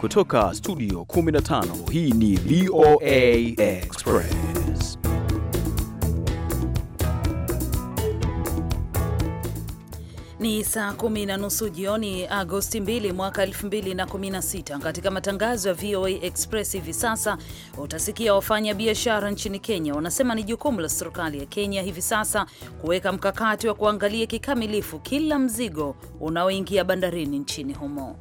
Kutoka studio 15 hii ni VOA Express. Ni saa kumi na nusu jioni Agosti 2 mwaka 2016. Katika matangazo ya VOA Express hivi sasa utasikia wafanya biashara nchini Kenya wanasema ni jukumu la serikali ya Kenya hivi sasa kuweka mkakati wa kuangalia kikamilifu kila mzigo unaoingia bandarini nchini humo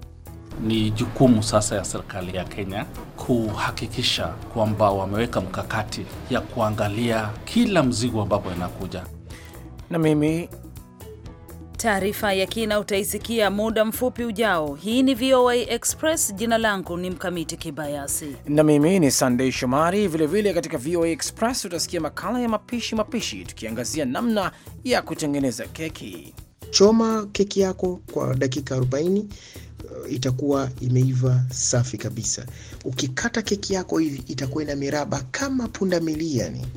ni jukumu sasa ya serikali ya Kenya kuhakikisha kwamba wameweka mkakati ya kuangalia kila mzigo ambapo inakuja. Na mimi taarifa ya kina utaisikia muda mfupi ujao. Hii ni VOA Express. Jina langu ni Mkamiti Kibayasi na mimi ni Sandei Shomari. Vilevile katika VOA Express utasikia makala ya mapishi mapishi, tukiangazia namna ya kutengeneza keki. Choma keki yako kwa dakika 40 itakuwa imeiva safi kabisa. Ukikata keki yako hivi itakuwa ina miraba kama milia ni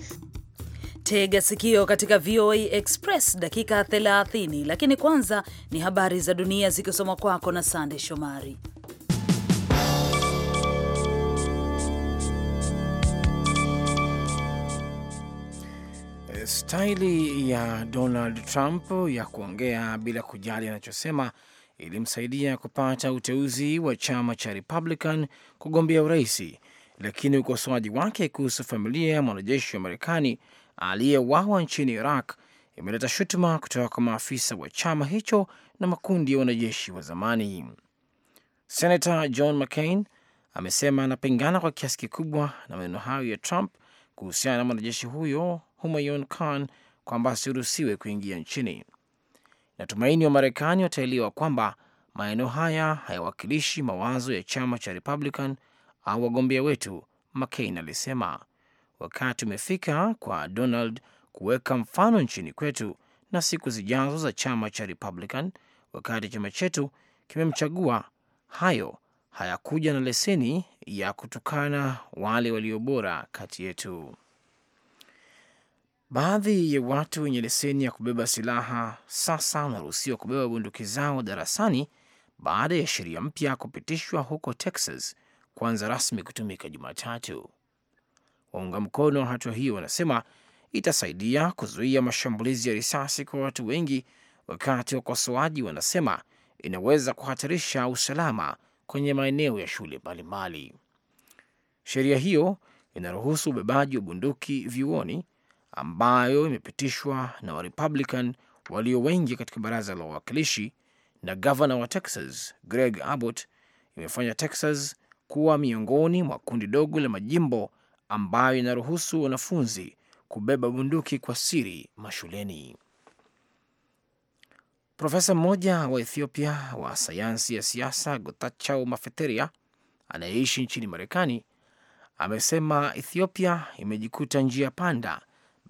Tega sikio katika VOA Express dakika 30, lakini kwanza ni habari za dunia zikisoma kwako na Sande Shomari. Staili ya Donald Trump ya kuongea bila kujali anachosema ilimsaidia kupata uteuzi wa chama cha Republican kugombea urais lakini ukosoaji wake kuhusu familia ya mwanajeshi wa Marekani aliyewawa nchini Iraq imeleta shutuma kutoka kwa maafisa wa chama hicho na makundi ya wanajeshi wa zamani. Senator John McCain amesema anapingana kwa kiasi kikubwa na maneno hayo ya Trump kuhusiana na mwanajeshi huyo Humayun Khan kwamba asiruhusiwe kuingia nchini. Natumaini wa Marekani wataelewa kwamba maeneo haya hayawakilishi mawazo ya chama cha Republican au wagombea wetu, McCain alisema. Wakati umefika kwa Donald kuweka mfano nchini kwetu na siku zijazo za chama cha Republican. Wakati chama chetu kimemchagua, hayo hayakuja na leseni ya kutukana wale walio bora kati yetu. Baadhi ya watu wenye leseni ya kubeba silaha sasa wanaruhusiwa kubeba bunduki zao darasani baada ya sheria mpya kupitishwa huko Texas kuanza rasmi kutumika Jumatatu. Waunga mkono wa hatua hiyo wanasema itasaidia kuzuia mashambulizi ya risasi kwa watu wengi, wakati wakosoaji wanasema inaweza kuhatarisha usalama kwenye maeneo ya shule mbalimbali. Sheria hiyo inaruhusu ubebaji wa bunduki vyuoni ambayo imepitishwa na Warepublican walio wengi katika baraza la wawakilishi na gavana wa Texas Greg Abbott imefanya Texas kuwa miongoni mwa kundi dogo la majimbo ambayo inaruhusu wanafunzi kubeba bunduki kwa siri mashuleni. Profesa mmoja wa Ethiopia wa sayansi ya siasa Gotachau Mafeteria anayeishi nchini Marekani amesema Ethiopia imejikuta njia panda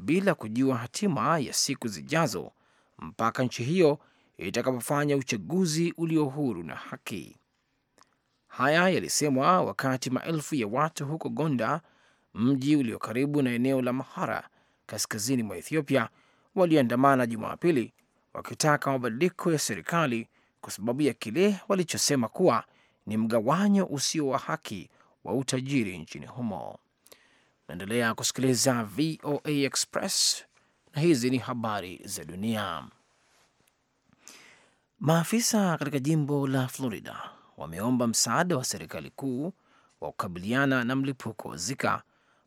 bila kujua hatima ya siku zijazo mpaka nchi hiyo itakapofanya uchaguzi ulio huru na haki. Haya yalisemwa wakati maelfu ya watu huko Gonda, mji ulio karibu na eneo la Mahara kaskazini mwa Ethiopia, waliandamana Jumapili wakitaka mabadiliko ya serikali kwa sababu ya kile walichosema kuwa ni mgawanyo usio wa haki wa utajiri nchini humo. Naendelea kusikiliza VOA Express na hizi ni habari za dunia. Maafisa katika jimbo la Florida wameomba msaada wa serikali kuu wa kukabiliana na mlipuko wa Zika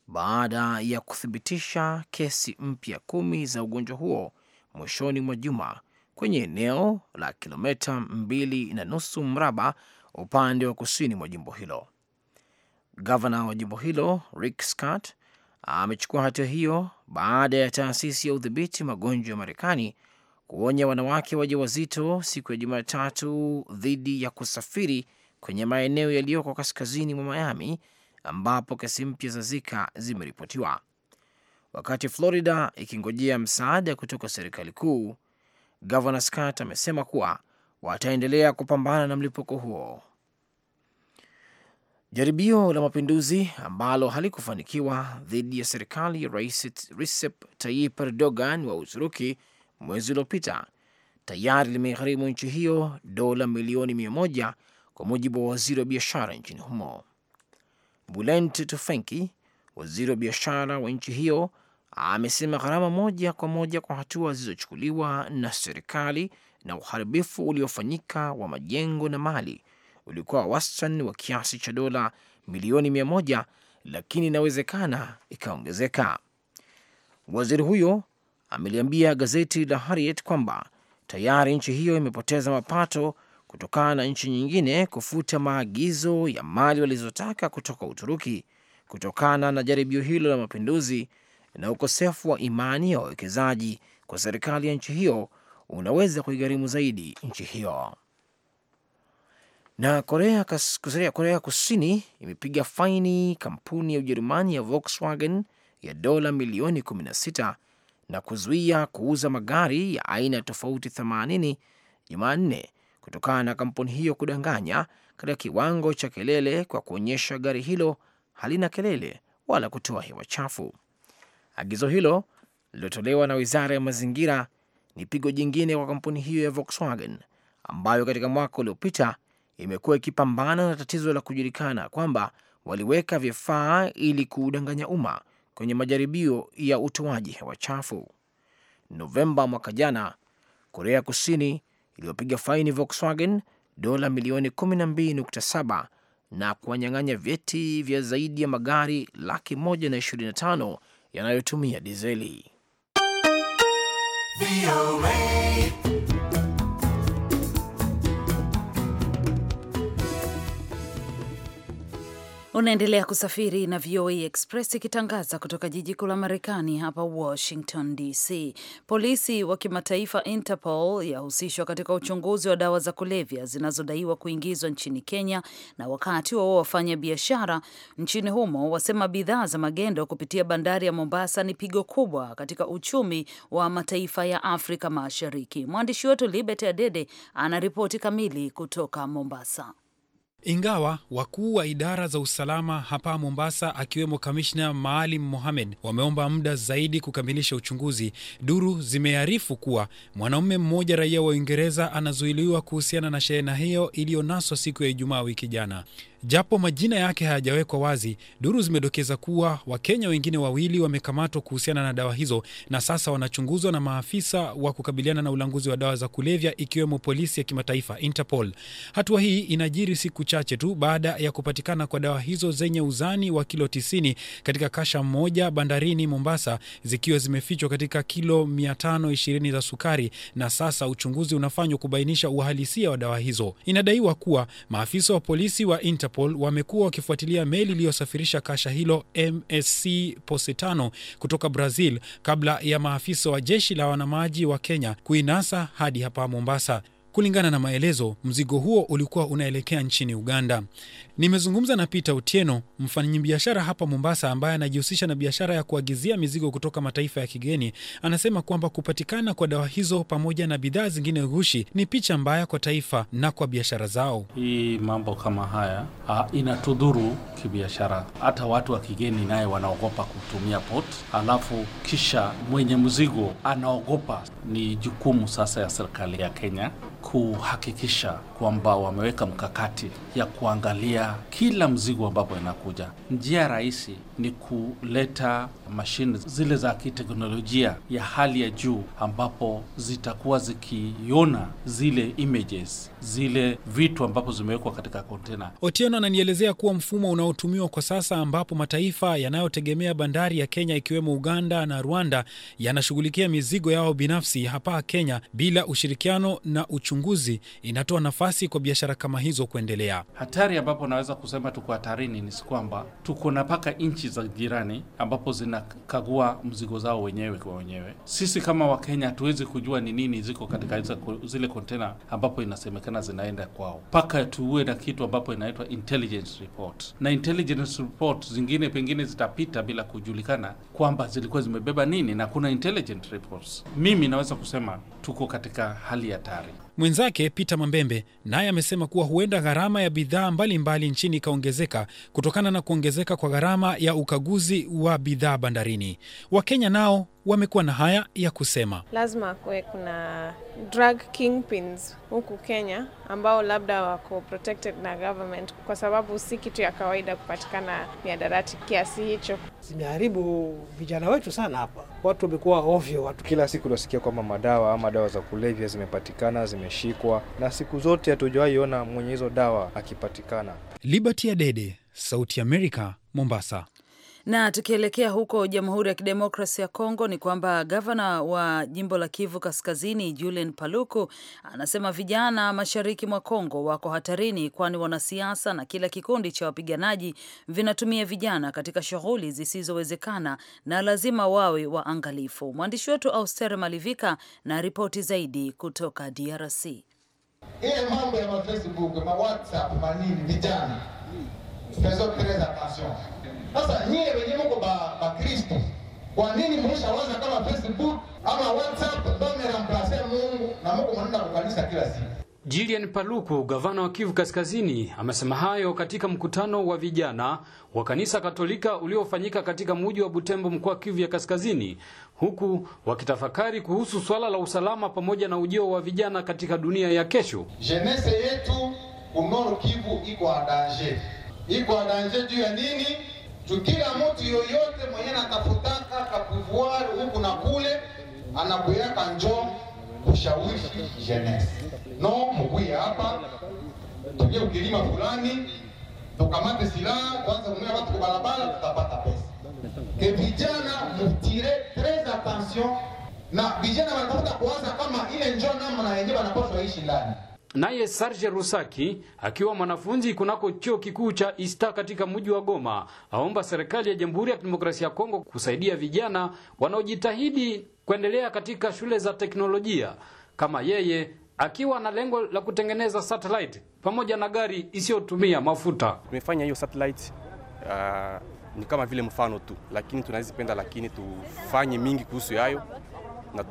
baada ya kuthibitisha kesi mpya kumi za ugonjwa huo mwishoni mwa juma kwenye eneo la kilometa mbili na nusu mraba upande wa kusini mwa jimbo hilo. Gavana wa jimbo hilo Rick Scott amechukua hatua hiyo baada ya taasisi ya udhibiti magonjwa ya Marekani kuonya wanawake wajawazito siku ya Jumatatu dhidi ya kusafiri kwenye maeneo yaliyoko kaskazini mwa Miami ambapo kesi mpya za Zika zimeripotiwa. Wakati Florida ikingojea msaada kutoka serikali kuu, Gavana Scott amesema kuwa wataendelea kupambana na mlipuko huo. Jaribio la mapinduzi ambalo halikufanikiwa dhidi ya serikali ya Rais Recep Tayyip Erdogan wa Uturuki mwezi uliopita tayari limegharimu nchi hiyo dola milioni mia moja kwa mujibu wa waziri wa biashara nchini humo. bulent tufenki waziri wa biashara wa nchi hiyo, amesema gharama moja kwa moja kwa hatua zilizochukuliwa na serikali na uharibifu uliofanyika wa majengo na mali ulikuwa wastani wa kiasi cha dola milioni mia moja, lakini inawezekana ikaongezeka. Waziri huyo ameliambia gazeti la Harriet kwamba tayari nchi hiyo imepoteza mapato kutokana na nchi nyingine kufuta maagizo ya mali walizotaka kutoka Uturuki kutokana na jaribio hilo la mapinduzi na ukosefu wa imani ya wawekezaji kwa serikali ya nchi hiyo unaweza kuigharimu zaidi nchi hiyo. Na Korea, kas, Korea Kusini imepiga faini kampuni ya Ujerumani ya Volkswagen ya dola milioni 16 na kuzuia kuuza magari ya aina tofauti 80 Jumanne kutokana na kampuni hiyo kudanganya katika kiwango cha kelele kwa kuonyesha gari hilo halina kelele wala kutoa hewa chafu. Agizo hilo lililotolewa na Wizara ya Mazingira ni pigo jingine kwa kampuni hiyo ya Volkswagen ambayo katika mwaka uliopita imekuwa ikipambana na tatizo la kujulikana kwamba waliweka vifaa ili kuudanganya umma kwenye majaribio ya utoaji hewa chafu. Novemba mwaka jana, Korea Kusini iliyopiga faini Volkswagen dola milioni 12.7 na kuwanyang'anya vyeti vya zaidi ya magari laki moja na 25 yanayotumia dizeli. Unaendelea kusafiri na VOA Express ikitangaza kutoka jiji kuu la Marekani hapa Washington DC. Polisi wa kimataifa Interpol yahusishwa katika uchunguzi wa dawa za kulevya zinazodaiwa kuingizwa nchini Kenya, na wakati wao wafanya biashara nchini humo wasema bidhaa za magendo kupitia bandari ya Mombasa ni pigo kubwa katika uchumi wa mataifa ya Afrika Mashariki. Mwandishi wetu Libet Adede anaripoti kamili kutoka Mombasa. Ingawa wakuu wa idara za usalama hapa Mombasa, akiwemo kamishna Maalim Mohamed, wameomba muda zaidi kukamilisha uchunguzi, duru zimearifu kuwa mwanaume mmoja raia wa Uingereza anazuiliwa kuhusiana na shehena hiyo iliyonaswa siku ya Ijumaa wiki jana. Japo majina yake hayajawekwa wazi, duru zimedokeza kuwa Wakenya wengine wawili wamekamatwa kuhusiana na dawa hizo na sasa wanachunguzwa na maafisa wa kukabiliana na ulanguzi wa dawa za kulevya, ikiwemo polisi ya kimataifa Interpol. Hatua hii inajiri siku chache tu baada ya kupatikana kwa dawa hizo zenye uzani wa kilo 90 katika kasha moja bandarini Mombasa, zikiwa zimefichwa katika kilo 520 za sukari, na sasa uchunguzi unafanywa kubainisha uhalisia wa dawa hizo. Inadaiwa kuwa maafisa wa polisi wa Interpol wamekuwa wakifuatilia meli iliyosafirisha kasha hilo MSC Positano kutoka Brazil kabla ya maafisa wa jeshi la wanamaji wa Kenya kuinasa hadi hapa Mombasa. Kulingana na maelezo, mzigo huo ulikuwa unaelekea nchini Uganda. Nimezungumza na Peter mfanyi mfanyabiashara hapa Mombasa, ambaye anajihusisha na biashara ya kuagizia mizigo kutoka mataifa ya kigeni. Anasema kwamba kupatikana kwa dawa hizo pamoja na bidhaa zingine ghushi ni picha mbaya kwa taifa na kwa biashara zao. Hii mambo kama haya ha, inatudhuru kibiashara. Hata watu wa kigeni naye wanaogopa kutumia port, alafu kisha mwenye mzigo anaogopa. Ni jukumu sasa ya serikali ya Kenya kuhakikisha kwamba wameweka mkakati ya kuangalia ya kila mzigo ambapo inakuja. Njia rahisi ni kuleta mashine zile za kiteknolojia ya hali ya juu ambapo zitakuwa zikiona zile images zile vitu ambapo zimewekwa katika kontena. Otieno ananielezea kuwa mfumo unaotumiwa kwa sasa ambapo mataifa yanayotegemea bandari ya Kenya ikiwemo Uganda na Rwanda yanashughulikia mizigo yao binafsi hapa Kenya bila ushirikiano na uchunguzi, inatoa nafasi kwa biashara kama hizo kuendelea. Hatari ambapo naweza kusema tuko hatarini ni kwamba tuko na mpaka nchi za jirani ambapo zinakagua mzigo zao wenyewe kwa wenyewe. Sisi kama Wakenya hatuwezi kujua ni nini ziko katika zile kontena ambapo inasemekana zinaonekana zinaenda kwao, mpaka tuwe na kitu ambapo inaitwa intelligence report, na intelligence report zingine pengine zitapita bila kujulikana kwamba zilikuwa zimebeba nini, na kuna intelligence reports. Mimi naweza kusema tuko katika hali ya hatari. Mwenzake Peter Mambembe naye amesema kuwa huenda gharama ya bidhaa mbalimbali nchini ikaongezeka kutokana na kuongezeka kwa gharama ya ukaguzi wa bidhaa bandarini. Wakenya nao wamekuwa na haya ya kusema. Lazima kuwe kuna drug kingpins huku Kenya ambao labda wako protected na government, kwa sababu si kitu ya kawaida kupatikana miadarati kiasi hicho. Zimeharibu vijana wetu sana hapa, watu wamekuwa ovyo. Watu kila siku unasikia kwamba madawa ama dawa za kulevya zimepatikana, zimeshikwa, na siku zote hatujawahi ona mwenye hizo dawa akipatikana. Liberty Adede, Sauti ya Amerika, Mombasa. Na tukielekea huko Jamhuri ya Kidemokrasi ya Kongo ni kwamba gavana wa jimbo la Kivu Kaskazini Julien Paluku anasema vijana mashariki mwa Kongo wako hatarini, kwani wanasiasa na kila kikundi cha wapiganaji vinatumia vijana katika shughuli zisizowezekana na lazima wawe waangalifu. Mwandishi wetu Auster Malivika na ripoti zaidi kutoka DRC. Ile eh, mambo ya manini vijana faisons très attention. Sasa nyie wenye mko ba, ba Kristo, kwa nini mlishawaza kama Facebook ama WhatsApp ndio mmeramplasia Mungu na Mungu mnaenda kukanisa kila siku? Julian Paluku, gavana wa Kivu Kaskazini, amesema hayo katika mkutano wa vijana wa kanisa Katolika uliofanyika katika mji wa Butembo, mkoa Kivu ya Kaskazini, huku wakitafakari kuhusu swala la usalama pamoja na ujio wa vijana katika dunia ya kesho. Jenese yetu unoru Kivu iko adanje iko adanje juu ya nini? Tukila mtu yoyote mwenye anatafutaka kapuvuari huku na kule anakuyaka njo kushawishi jeunesse. No, mkuye hapa tulie ukilima fulani, tukamate silaha kwanza, kumea watu kwa barabara, tutapata pesa. Ke vijana mutire tres attention na vijana wanatafuta kuanza kama ile njo namna yenyewe wanapaswa ishi ndani Naye serge Rusaki akiwa mwanafunzi kunako chuo kikuu cha Ista katika mji wa Goma aomba serikali ya Jamhuri ya Kidemokrasia ya Kongo kusaidia vijana wanaojitahidi kuendelea katika shule za teknolojia kama yeye akiwa na lengo la kutengeneza satellite pamoja na gari isiyotumia mafuta. Tumefanya hiyo satellite uh, ni kama vile mfano tu, lakini tunazipenda, lakini tufanye mingi kuhusu hayo na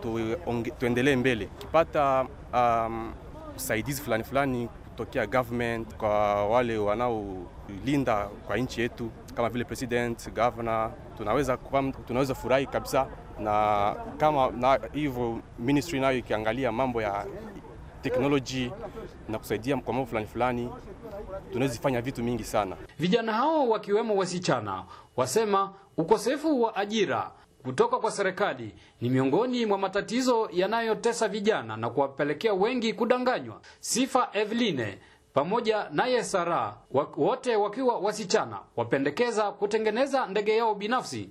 tuendelee mbele kipata um, usaidizi fulani fulani kutokea government kwa wale wanaolinda kwa nchi yetu kama vile president, governor, tunaweza tunaweza furahi kabisa na kama na hivyo ministry nayo ikiangalia mambo ya teknoloji na kusaidia kwa mambo fulani fulani, tunaweza fanya vitu mingi sana. Vijana hao wakiwemo wasichana wasema ukosefu wa ajira kutoka kwa serikali ni miongoni mwa matatizo yanayotesa vijana na kuwapelekea wengi kudanganywa. Sifa Eveline pamoja naye Sara wote wakiwa wasichana wapendekeza kutengeneza ndege yao binafsi.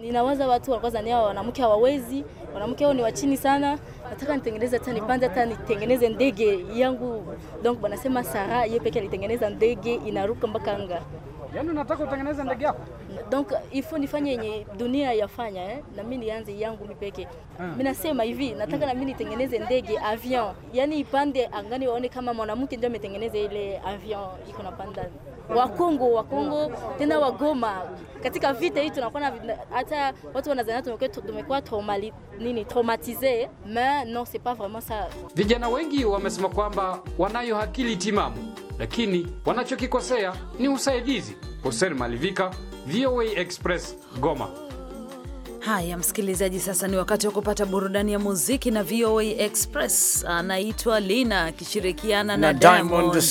Ninawaza watu wa kwanza, ni hao wanawake hawawezi, wanawake hao ni wa chini sana. Nataka nitengeneze hata nipande hata nitengeneze ndege yangu, donc wanasema Sara yeye pekee alitengeneza ndege inaruka mpaka anga. Yaani unataka utengeneze ndege yako? Donc il faut nifanye yenye dunia yafanya eh? Na mimi nianze yangu mipeke. Hmm. Mimi nasema hivi, nataka na mimi nitengeneze ndege avion. Yaani ipande angani waone kama mwanamke ndio ametengeneza ile avion iko na panda. Wakongo, hmm. Wakongo tena Wagoma. Katika vita hii tunakuwa na hata watu wanazania tumekuwa tumekuwa tomali nini traumatize, mais non c'est pas vraiment ça. Vijana wengi wamesema kwamba wanayo akili timamu lakini wanachokikosea ni usaidizi. Hosen Malivika, VOA Express, Goma. Haya msikilizaji, sasa ni wakati wa kupata burudani ya muziki na VOA Express. Anaitwa Lina akishirikiana na na Diamond.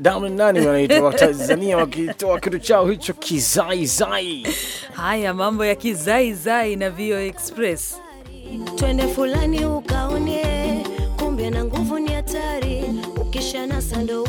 Diamond nani wanaitwa Watanzania wakitoa kitu chao hicho kizaizai. Haya mambo ya kizaizai na VOA Express. Twende fulani ukaone, kumbe na nguvu ni hatari ukisha na sandou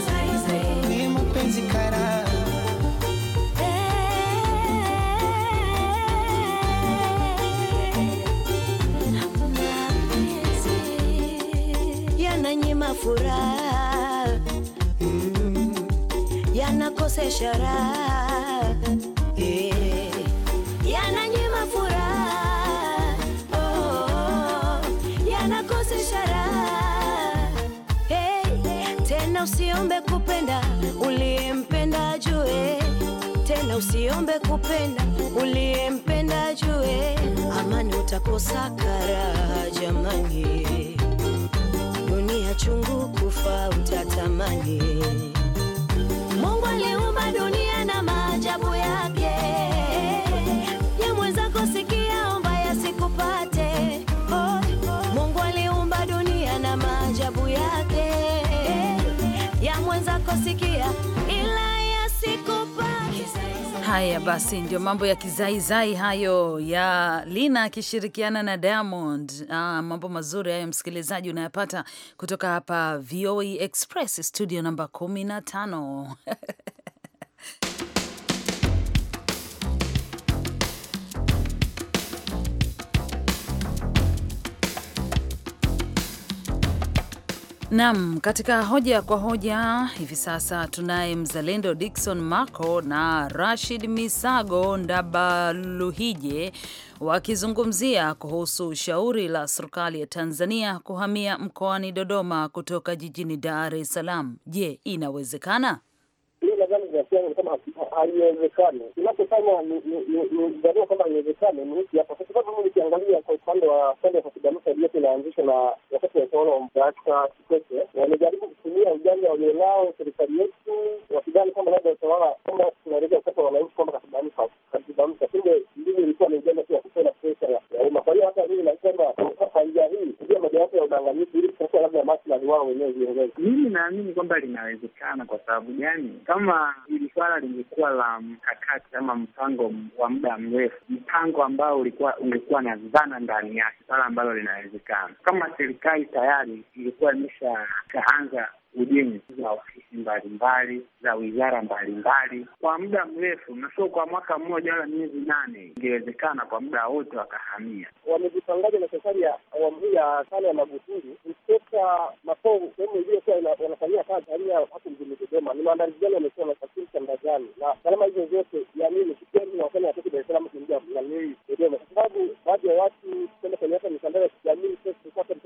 furaha mm, yanakosesha raha yeah, yananyima furaha oh, yanakosesha raha hey, tena usiombe kupenda uliyempenda jue tena usiombe kupenda uliyempenda jue amani utakosaka raha jamani uchungu, kufa utatamani. Mungu aliumba dunia na maajabu yake, ya mwenzako sikia, omba yasikupate. Oh, Mungu aliumba dunia na maajabu yake, ya mwenzako sikia Haya basi, ndio mambo ya kizaizai hayo ya Lina akishirikiana na Diamond. Ah, mambo mazuri hayo, msikilizaji, unayapata kutoka hapa VOA e Express studio namba 15. nam katika hoja kwa hoja hivi sasa tunaye mzalendo dikson Marco na Rashid Misago Ndabaluhije wakizungumzia kuhusu shauri la serikali ya Tanzania kuhamia mkoani Dodoma kutoka jijini Dar es Salaam. Je, inawezekana? Mimi nadhani kama haiwezekani. Kinachofanya nijadua kwamba haiwezekani ni hiki hapa, kwa sababu mimi nikiangalia kwa upande wa upande ya katibanusa iliyote inaanzishwa na wakati wa utawala wa Mbaraka Kikwete, wamejaribu kutumia ujanja walionao serikali yetu, wakidhani kwamba labda utawala kwamba tunaeleza kutoka wananchi kwamba katibanusa katibanusa, kumbe ndivyo ilikuwa ni ujanja tu wa kupenda pesa ya umma. Kwa hiyo hata mimi nasema watu ya udanganyifu ili kutafuta labda maslahi wao wenyewe viongozi. Mimi naamini kwamba linawezekana. Kwa sababu gani? Kama hili swala lingekuwa la mkakati ama mpango wa muda mrefu, mpango ambao ulikuwa ungekuwa na dhana ndani yake, swala ambalo linawezekana, kama serikali tayari ilikuwa imeshaanza ujenzi za ofisi mbalimbali za wizara mbalimbali kwa muda mrefu, na sio kwa mwaka mmoja wala miezi nane. Ingewezekana kwa muda wote wakahamia. wamejipangaja na serikali ya awamu hii ya tano ya Magufuli kutoka Makoo, sehemu iliyokuwa wanafanyia kazi halia hapo mjini Dodoma? Ni maandalizi gani wamekuwa wanasafiri cha gani? Na gharama hizo zote ya nini na wafanya watoke Dar es Salaam kuingia nanii Dodoma, kwa sababu baadhi ya watu kenda kwenye hata mitandao ya kijamii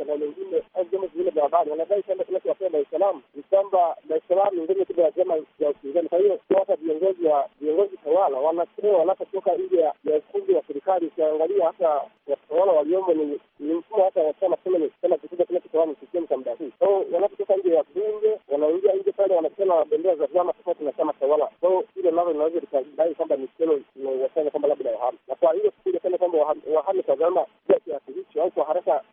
na mengine au vyombo vingine vya habari wanadai kwamba kinachowapea Dar es Salaam ni kwamba Dar es Salaam ni ngome kubwa ya vyama vya upinzani. Kwa hiyo hata viongozi wa viongozi tawala wanachewa wanapotoka nje ya ukumbi wa serikali. Ukiangalia hata watawala waliomo ni mfumo hata wanasema chama kikubwa kinachotawala ni CCM kwa muda huu. Kwa wanapotoka nje ya bunge wanaingia nje pale wanachana na bendera za vyama tofauti na chama tawala. Kwa hiyo hilo nalo linaweza likadai kwamba ni kitendo kinawafanya kwamba labda wahame, na kwa hiyo kuja tena kwamba wahame kwa vyama kiasi hicho au kwa haraka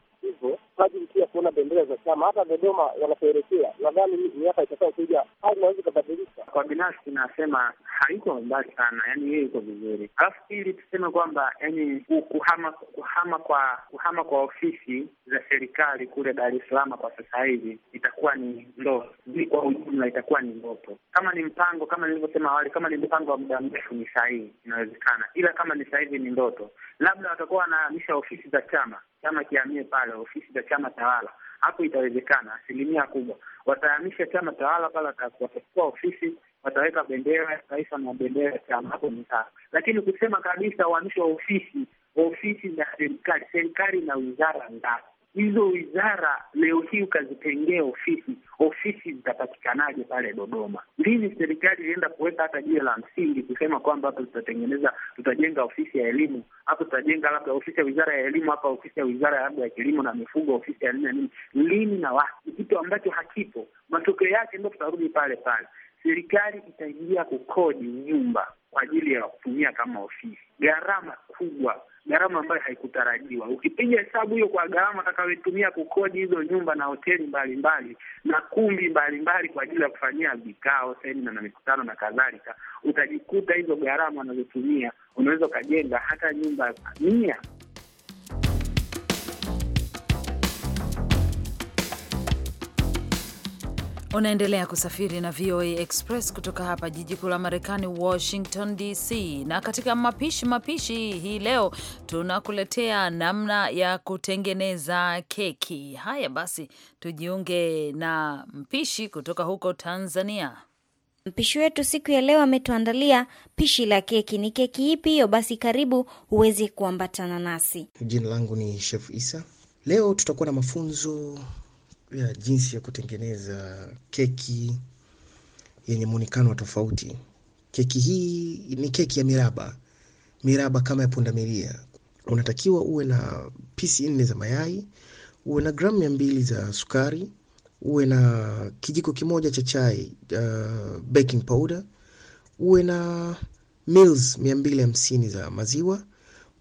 lazima pia kuona bendera za chama hata Dodoma wanapoelekea. Nadhani miaka itakayokuja hali inaweza ikabadilika. Kwa binafsi nasema haiko mbali sana, yani hiyo iko vizuri. Alafu pili tuseme kwamba yani kuhama kuhama kwa kuhama kwa ofisi za serikali kule Dar es Salaam kwa sasa hivi itakuwa ni ndoto, kwa ujumla itakuwa ni ndoto. Kama ni mpango, kama nilivyosema awali, kama ni mpango wa muda mrefu ni sahihi, inawezekana, ila kama ni sahivi ni ndoto labda watakuwa wanahamisha ofisi za chama, chama kihamie pale, ofisi za chama tawala. Hapo itawezekana asilimia kubwa, watahamisha chama tawala pale, watachukua ofisi, wataweka bendera ya taifa na bendera ya chama, hapo ni sawa. Lakini kusema kabisa uhamisho wa ofisi ofisi za serikali, serikali na wizara ngapi? hizo wizara leo hii ukazitengea ofisi ofisi zitapatikanaje pale Dodoma? Lini serikali ilienda kuweka hata jiwe la msingi kusema kwamba hapa tutatengeneza, tutajenga ofisi ya elimu hapo, tutajenga labda ofisi ya wizara ya elimu hapa, ofisi ya wizara labda ya kilimo na mifugo, ofisi ya nini na nini, lini na wapi? Kitu ambacho hakipo, matokeo yake ndo tutarudi pale pale. Serikali itaingia kukodi nyumba kwa ajili ya kutumia kama ofisi, gharama kubwa gharama ambayo haikutarajiwa. Ukipiga hesabu hiyo kwa gharama atakayotumia kukodi hizo nyumba na hoteli mbalimbali na kumbi mbalimbali kwa ajili ya kufanyia vikao, semina na mikutano na kadhalika, utajikuta hizo gharama anazotumia unaweza ukajenga hata nyumba mia Unaendelea kusafiri na VOA Express kutoka hapa jiji kuu la Marekani, Washington DC. Na katika mapishi mapishi hii leo tunakuletea namna ya kutengeneza keki. Haya basi, tujiunge na mpishi kutoka huko Tanzania. Mpishi wetu siku ya leo ametuandalia pishi la keki. Ni keki ipi hiyo? Basi karibu uweze kuambatana nasi. Jina langu ni Chef Isa. Leo tutakuwa na mafunzo ya jinsi ya kutengeneza keki yenye muonekano wa tofauti. Keki hii ni keki ya miraba, miraba kama ya pundamilia. Unatakiwa uwe na pisi nne za mayai, uwe na gramu mia mbili za sukari, uwe na kijiko kimoja cha chai uh, baking powder, uwe na mils mia mbili hamsini za maziwa,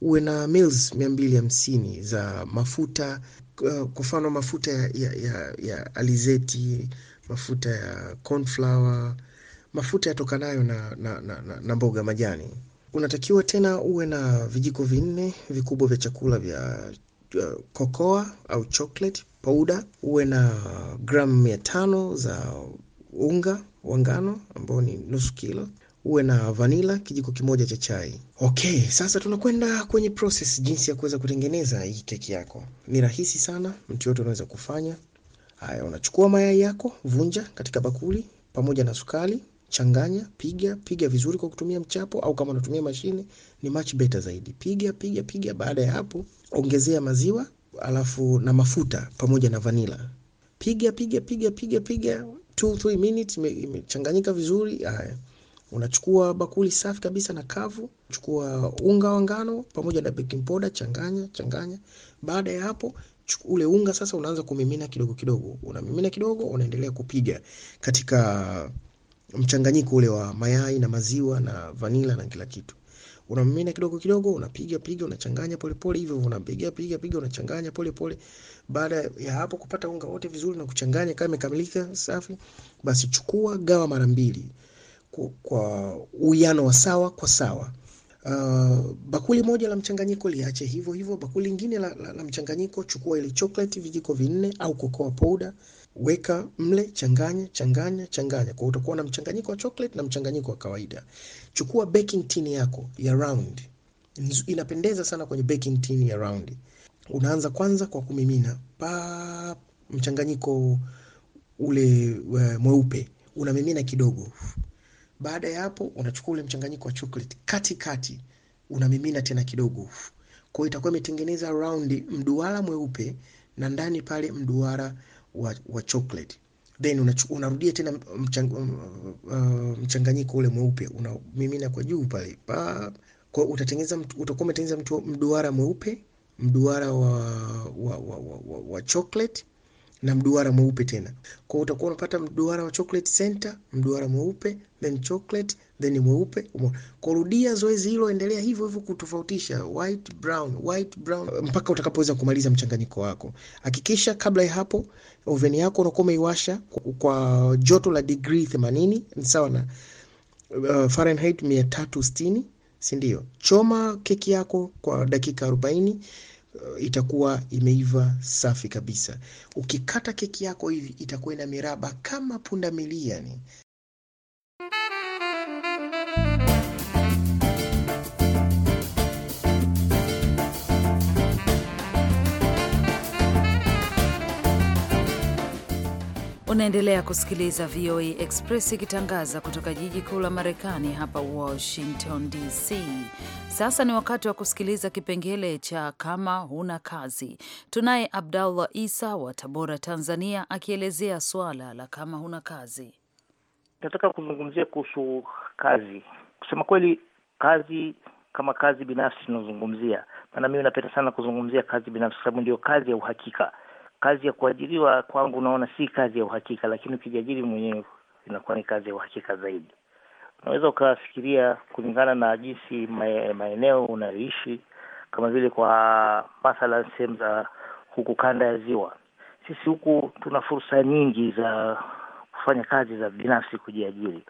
uwe na mils mia mbili hamsini za mafuta Eh, kwa mfano mafuta ya, ya, ya, ya alizeti, mafuta ya cornflower, mafuta yatokanayo na, na, na, na, na mboga majani. Unatakiwa tena uwe na vijiko vinne vikubwa vya chakula vya kokoa eh, au chocolate powder, uwe na gramu mia tano za unga wa ngano ambao ni nusu kilo uwe na vanila kijiko kimoja cha chai. Okay, sasa tunakwenda kwenye process jinsi ya kuweza kutengeneza hii keki yako. Ni rahisi sana, mtu yote unaweza kufanya. Haya, unachukua mayai yako, vunja katika bakuli pamoja na sukari, changanya, piga piga vizuri kwa kutumia mchapo au kama unatumia mashine ni much better zaidi. Piga piga piga. Baada ya hapo, ongezea maziwa alafu na mafuta pamoja na vanila Piga piga piga piga piga 2 3 minutes, imechanganyika vizuri. Haya. Unachukua bakuli safi kabisa na kavu, chukua unga wa ngano pamoja na baking powder, changanya changanya. Baada ya hapo ule unga sasa unaanza kumimina kidogo kidogo, unamimina kidogo, unaendelea kupiga katika mchanganyiko ule wa mayai na maziwa na vanila na kila kitu. Unamimina kidogo kidogo, unapiga piga, unachanganya polepole hivyo hivyo, unapiga piga piga, unachanganya polepole. Baada ya hapo kupata unga wote vizuri na kuchanganya kama imekamilika safi, basi chukua gawa mara mbili kwa uwiano wa sawa kwa sawa. Uh, bakuli moja la mchanganyiko liache hivyo hivyo. Bakuli lingine la, la, la mchanganyiko chukua ile chocolate vijiko vinne au cocoa powder, weka mle, changanya changanya changanya, kwa utakuwa na mchanganyiko wa chocolate na mchanganyiko wa kawaida. Chukua baking tin yako ya round, inapendeza sana kwenye baking tin ya round. Unaanza kwanza kwa kumimina pa mchanganyiko ule uh, mweupe unamimina kidogo baada ya hapo unachukua ule mchanganyiko wa chocolate katikati unamimina tena kidogo. Kwa hiyo itakuwa imetengeneza round mduara mweupe na ndani pale mduara wa, wa chocolate. Then unachukua unarudia tena mchang, uh, uh, mchanganyiko ule mweupe unamimina kwa juu pale. pa. kwa utatengeneza utakuwa umetengeneza mduara mweupe, mduara wa wa, wa, wa, wa, wa chocolate na mduara mweupe tena. Kwa hiyo utakuwa unapata mduara wa chocolate center, mduara mweupe, then chocolate, then mweupe. Kwa rudia zoezi hilo, endelea hivyo hivyo kutofautisha white brown, white brown mpaka utakapoweza kumaliza mchanganyiko wako. Hakikisha kabla ya hapo oveni yako unakuwa umeiwasha kwa joto la degree 80 sawa na uh, Fahrenheit 360, si ndio? Choma keki yako kwa dakika 40. Eh, itakuwa imeiva safi kabisa. Ukikata keki yako hivi itakuwa ina miraba kama punda ni Unaendelea kusikiliza VOA e Express ikitangaza kutoka jiji kuu la Marekani hapa Washington DC. Sasa ni wakati wa kusikiliza kipengele cha kama huna kazi. Tunaye Abdallah Isa wa Tabora, Tanzania, akielezea swala la kama huna kazi. Nataka kuzungumzia kuhusu kazi. Kusema kweli, kazi kama kazi binafsi tunazungumzia, maana mimi napenda sana kuzungumzia kazi binafsi kwasababu sababu ndio kazi ya uhakika kazi ya kuajiriwa kwangu unaona si kazi ya uhakika, lakini ukijiajiri mwenyewe inakuwa ni kazi ya uhakika zaidi. Unaweza ukafikiria kulingana na jinsi maeneo unayoishi, kama vile kwa mathalan sehemu za huku kanda ya Ziwa, sisi huku tuna fursa nyingi za kufanya kazi za binafsi, kujiajiri,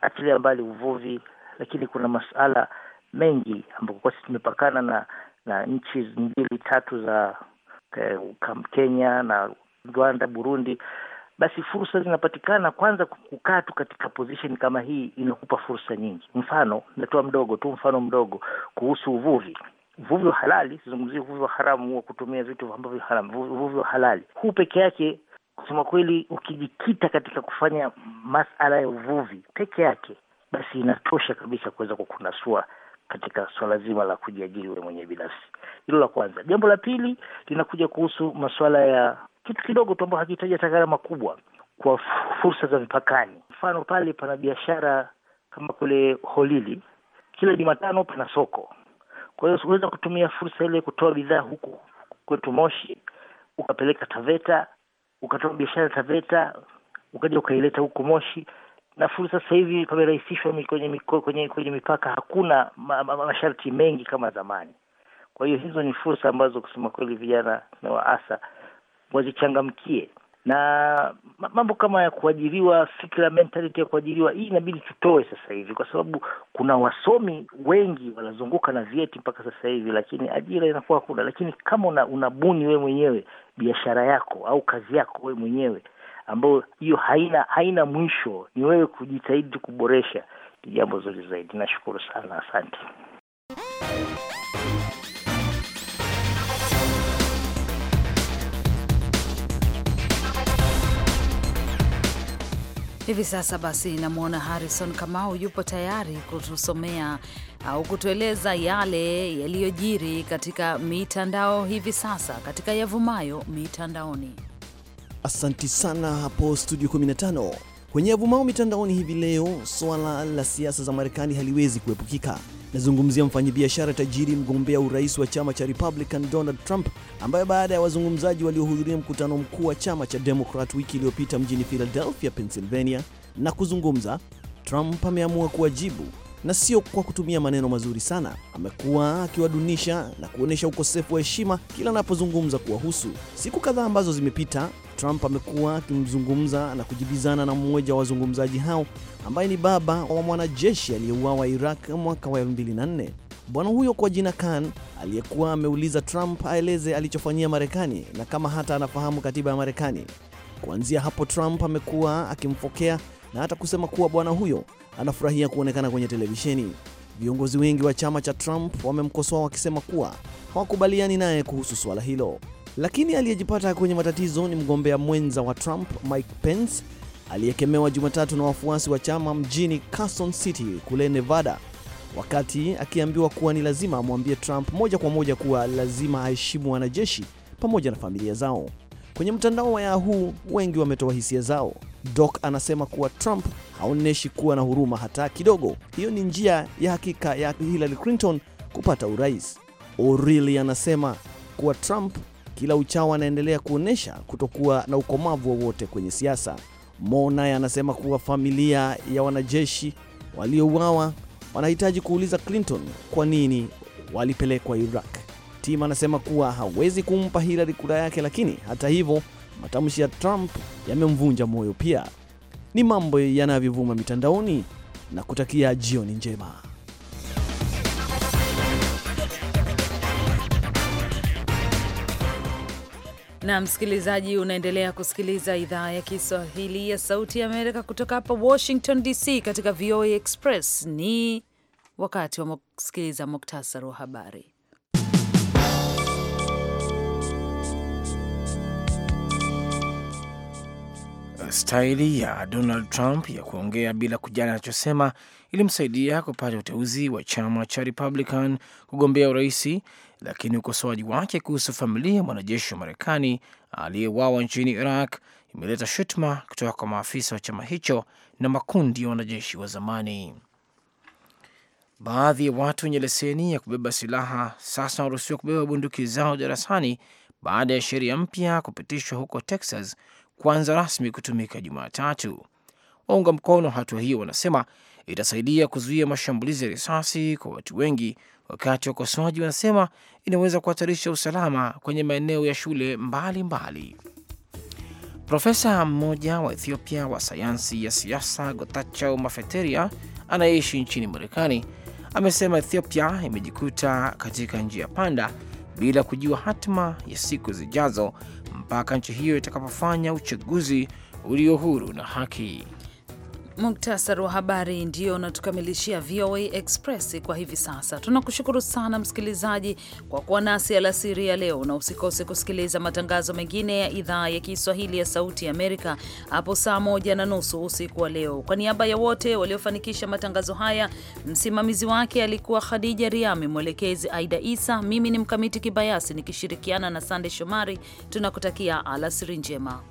achilia mbali uvuvi, lakini kuna masuala mengi ambapo kwa sisi tumepakana na na nchi mbili tatu za Eh, Kenya na Rwanda, Burundi, basi fursa zinapatikana. Kwanza, kukaa tu katika position kama hii inakupa fursa nyingi. Mfano natoa mdogo tu, mfano mdogo kuhusu uvuvi uvuvi wa halali, sizungumzia uvuvi wa haramu wa kutumia vitu ambavyo haramu. Uvuvi wa halali huu peke yake, kusema kweli, ukijikita katika kufanya masala ya uvuvi peke yake, basi inatosha kabisa kuweza kukunasua katika swala zima la kujiajiri wewe mwenye binafsi. Hilo la kwanza. Jambo la pili linakuja kuhusu masuala ya kitu kidogo tu ambao hakihitaji hata gharama kubwa, kwa fursa za mipakani. Mfano, pale pana biashara kama kule Holili, kila Jumatano pana soko. Kwa hiyo unaweza kutumia fursa ile kutoa bidhaa huku kwetu Moshi, ukapeleka Taveta, ukatoa biashara Taveta, ukaja ukaileta huku Moshi na fursa sasa hivi pamerahisishwa kwenye, kwenye, kwenye mipaka. Hakuna ma, ma, masharti mengi kama zamani. Kwa hiyo hizo ni fursa ambazo kusema kweli vijana na waasa wazichangamkie, na mambo kama ya kuajiriwa, fikra mentality ya kuajiriwa hii inabidi tutoe sasa hivi, kwa sababu kuna wasomi wengi wanazunguka na vyeti mpaka sasa hivi, lakini ajira inakuwa hakuna. Lakini kama una, unabuni wewe mwenyewe biashara yako au kazi yako wewe mwenyewe ambayo hiyo haina haina mwisho, ni wewe kujitahidi kuboresha, ni jambo zuri zaidi. Nashukuru sana, asante. Hivi sasa basi, namwona Harrison Kamau yupo tayari kutusomea au kutueleza yale yaliyojiri katika mitandao hivi sasa, katika yavumayo mitandaoni. Asanti sana hapo studio 15. Kwenye yavumao mitandaoni hivi leo, swala la siasa za Marekani haliwezi kuepukika. Nazungumzia mfanyabiashara tajiri, mgombea urais wa chama cha Republican Donald Trump, ambaye baada ya wazungumzaji waliohudhuria mkutano mkuu wa chama cha Democrat wiki iliyopita mjini Philadelphia, Pennsylvania, na kuzungumza, Trump ameamua kuwajibu na sio kwa kutumia maneno mazuri sana. Amekuwa akiwadunisha na kuonyesha ukosefu wa heshima kila anapozungumza kuwahusu. Siku kadhaa ambazo zimepita Trump amekuwa akimzungumza na kujibizana na mmoja wa wazungumzaji hao ambaye ni baba wa mwanajeshi aliyeuawa Iraq mwaka wa 2004. Bwana huyo kwa jina Khan aliyekuwa ameuliza Trump aeleze alichofanyia Marekani na kama hata anafahamu katiba ya Marekani. Kuanzia hapo, Trump amekuwa akimfokea na hata kusema kuwa bwana huyo anafurahia kuonekana kwenye televisheni. Viongozi wengi wa chama cha Trump wamemkosoa wakisema kuwa hawakubaliani naye kuhusu suala hilo. Lakini aliyejipata kwenye matatizo ni mgombea mwenza wa Trump Mike Pence aliyekemewa Jumatatu na wafuasi wa chama mjini Carson City kule Nevada, wakati akiambiwa kuwa ni lazima amwambie Trump moja kwa moja kuwa lazima aheshimu wanajeshi pamoja na familia zao. Kwenye mtandao wa Yahoo, wengi wametoa hisia zao. Doc anasema kuwa Trump haonyeshi kuwa na huruma hata kidogo. Hiyo ni njia ya hakika ya Hillary Clinton kupata urais. Orili anasema kuwa Trump kila uchao anaendelea kuonyesha kutokuwa na ukomavu wowote kwenye siasa. Mo naye anasema kuwa familia ya wanajeshi waliouawa wanahitaji kuuliza Clinton kwa nini walipelekwa Iraq. Tim anasema kuwa hawezi kumpa Hillary kura yake, lakini hata hivyo matamshi ya Trump yamemvunja moyo. Pia ni mambo yanavyovuma mitandaoni na kutakia jioni njema. na msikilizaji, unaendelea kusikiliza idhaa ya Kiswahili ya Sauti ya Amerika kutoka hapa Washington DC katika VOA Express. Ni wakati wa kusikiliza muktasari wa habari. Staili ya Donald Trump ya kuongea bila kujali anachosema ilimsaidia kupata uteuzi wa chama cha Republican kugombea urahisi lakini ukosoaji wake kuhusu familia ya mwanajeshi wa Marekani aliyewawa nchini Iraq imeleta shutuma kutoka kwa maafisa wa chama hicho na makundi ya wanajeshi wa zamani. Baadhi ya watu wenye leseni ya kubeba silaha sasa wanaruhusiwa kubeba bunduki zao darasani baada ya sheria mpya kupitishwa huko Texas kuanza rasmi kutumika Jumatatu. Waunga mkono hatua hiyo wanasema itasaidia kuzuia mashambulizi ya risasi kwa watu wengi, wakati wakosoaji wanasema inaweza kuhatarisha usalama kwenye maeneo ya shule mbalimbali. Profesa mmoja wa Ethiopia wa sayansi ya siasa Gotachau Mafeteria anayeishi nchini Marekani amesema Ethiopia imejikuta katika njia panda bila kujua hatima ya siku zijazo mpaka nchi hiyo itakapofanya uchaguzi ulio huru na haki. Muktasari wa habari ndio unatukamilishia VOA Express kwa hivi sasa. Tunakushukuru sana msikilizaji kwa kuwa nasi alasiri ya leo, na usikose kusikiliza matangazo mengine ya idhaa ya Kiswahili ya Sauti ya Amerika hapo saa moja na nusu usiku wa leo. Kwa niaba ya wote waliofanikisha matangazo haya, msimamizi wake alikuwa Khadija Riami, mwelekezi Aida Isa, mimi ni Mkamiti Kibayasi nikishirikiana na Sande Shomari. Tunakutakia alasiri njema.